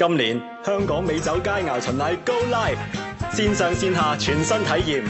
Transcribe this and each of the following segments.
今年香港美酒佳餚巡禮 Go Live，綫上綫下全新體驗。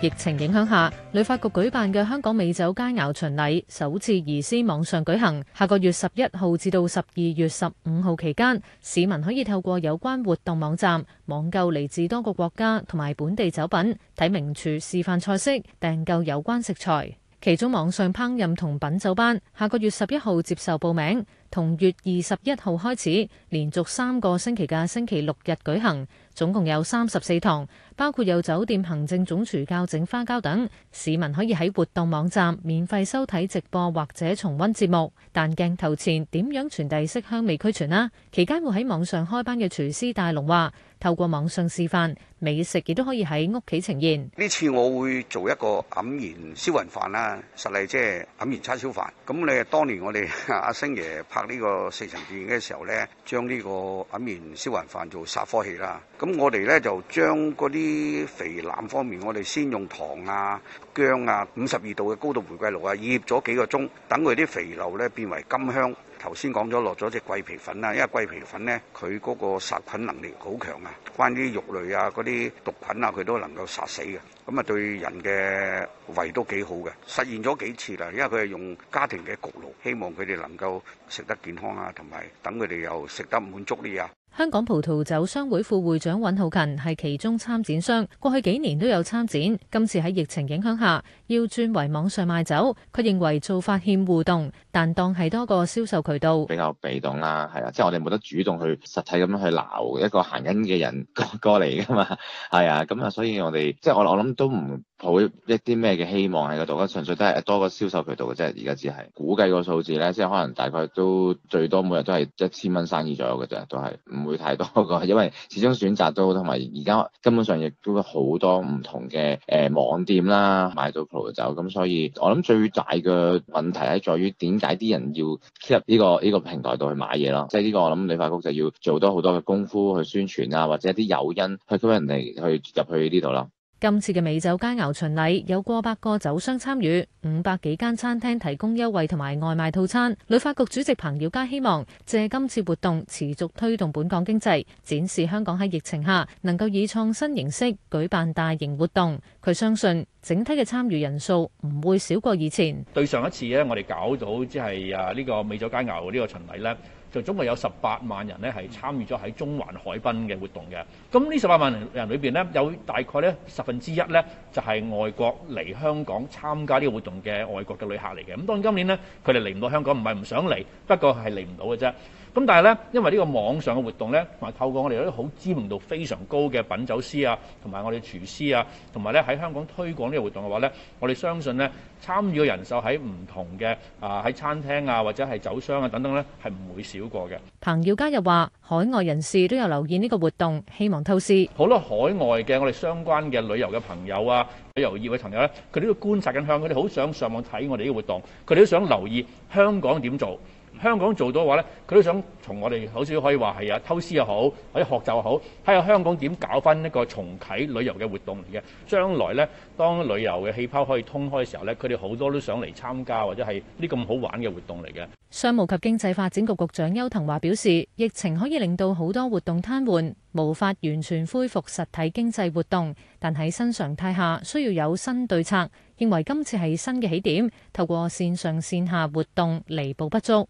疫情影響下，旅發局舉辦嘅香港美酒佳餚巡禮首次移師網上舉行。下個月十一號至到十二月十五號期間，市民可以透過有關活動網站，網購嚟自多個國家同埋本地酒品，睇名廚示範菜式，訂購有關食材。其中網上烹飪同品酒班下個月十一號接受報名，同月二十一號開始，連續三個星期嘅星期六日舉行，總共有三十四堂，包括有酒店行政總廚教整花膠等。市民可以喺活動網站免費收睇直播或者重溫節目。但鏡頭前點樣傳遞色香味俱全呢？期間會喺網上開班嘅廚師大龍話。透過網上示範，美食亦都可以喺屋企呈現。呢次我會做一個黯然銷魂飯啦，實例即係黯然叉燒飯。咁你當年我哋阿星爺拍呢、這個食神電影嘅時候咧，將呢個黯然銷魂飯做煞科戲啦。咁我哋咧就將嗰啲肥腩方面，我哋先用糖啊、薑啊、五十二度嘅高度玫瑰露啊，醃咗幾個鐘，等佢啲肥油咧變為甘香。頭先講咗落咗隻桂皮粉啦，因為桂皮粉咧，佢嗰個殺菌能力好強啊。關於肉類啊，嗰啲毒菌啊，佢都能夠殺死嘅。咁啊，對人嘅胃都幾好嘅。實現咗幾次啦，因為佢係用家庭嘅焗爐，希望佢哋能夠食得健康啊，同埋等佢哋又食得滿足啲啊。香港葡萄酒商會副會長尹浩勤係其中參展商，過去幾年都有參展，今次喺疫情影響下，要轉為網上賣酒，佢認為做法欠互動，但當係多個銷售渠道，比較被動啦。係啊，即係我哋冇得主動去實體咁樣去鬧一個行緊嘅人過嚟噶嘛，係啊，咁啊，所以我哋即係我我諗都唔。抱一啲咩嘅希望喺個度？咁純粹都係多個銷售渠道嘅啫。而家只係估計個數字咧，即係可能大概都最多每日都係一千蚊生意左右嘅啫，都係唔會太多個。因為始終選擇都好，同埋而家根本上亦都好多唔同嘅誒網店啦，買到 Pro 就咁。所以我諗最大嘅問題喺在於點解啲人要入呢、呢個呢、呢個平台度去買嘢咯？即係呢個我諗旅發局就要做多好多嘅功夫去宣傳啦，或者一啲誘因去吸引人哋去入去呢度咯。今次嘅美酒佳餚巡禮，有過百個酒商參與，五百幾間餐廳提供優惠同埋外賣套餐。旅發局主席彭耀佳希望借今次活動持續推動本港經濟，展示香港喺疫情下能夠以創新形式舉辦大型活動。佢相信，整體嘅參與人數唔會少過以前。對上一次咧，我哋搞到即係啊呢個美酒佳餚，呢個巡禮咧，就總共有十八萬人咧係參與咗喺中環海濱嘅活動嘅。咁呢十八萬人人裏邊咧，有大概咧十分之一咧就係外國嚟香港參加呢個活動嘅外國嘅旅客嚟嘅。咁當然今年咧，佢哋嚟唔到香港，唔係唔想嚟，不過係嚟唔到嘅啫。咁但係咧，因為呢個網上嘅活動咧，同埋透過我哋有啲好知名度非常高嘅品酒師啊，同埋我哋廚師啊，同埋咧喺香港推廣呢個活動嘅話咧，我哋相信咧參與嘅人數喺唔同嘅啊喺餐廳啊或者係酒商啊等等咧係唔會少過嘅。彭耀佳又話：海外人士都有留意呢個活動，希望透視好多海外嘅我哋相關嘅旅遊嘅朋友啊，旅遊業嘅朋友咧，佢哋都觀察緊香，佢哋好想上網睇我哋呢個活動，佢哋都想留意香港點做。香港做到嘅話，呢佢都想從我哋好少可以話，係啊，偷師又好，或者學習好，睇下香港點搞翻一個重啟旅遊嘅活動嚟嘅。將來呢，當旅遊嘅氣泡可以通開嘅時候呢，佢哋好多都想嚟參加或者係呢咁好玩嘅活動嚟嘅。商務及經濟發展局局長邱騰華表示，疫情可以令到好多活動癱瘓，無法完全恢復實體經濟活動，但喺新常態下需要有新對策。認為今次係新嘅起點，透過線上線下活動彌補不足。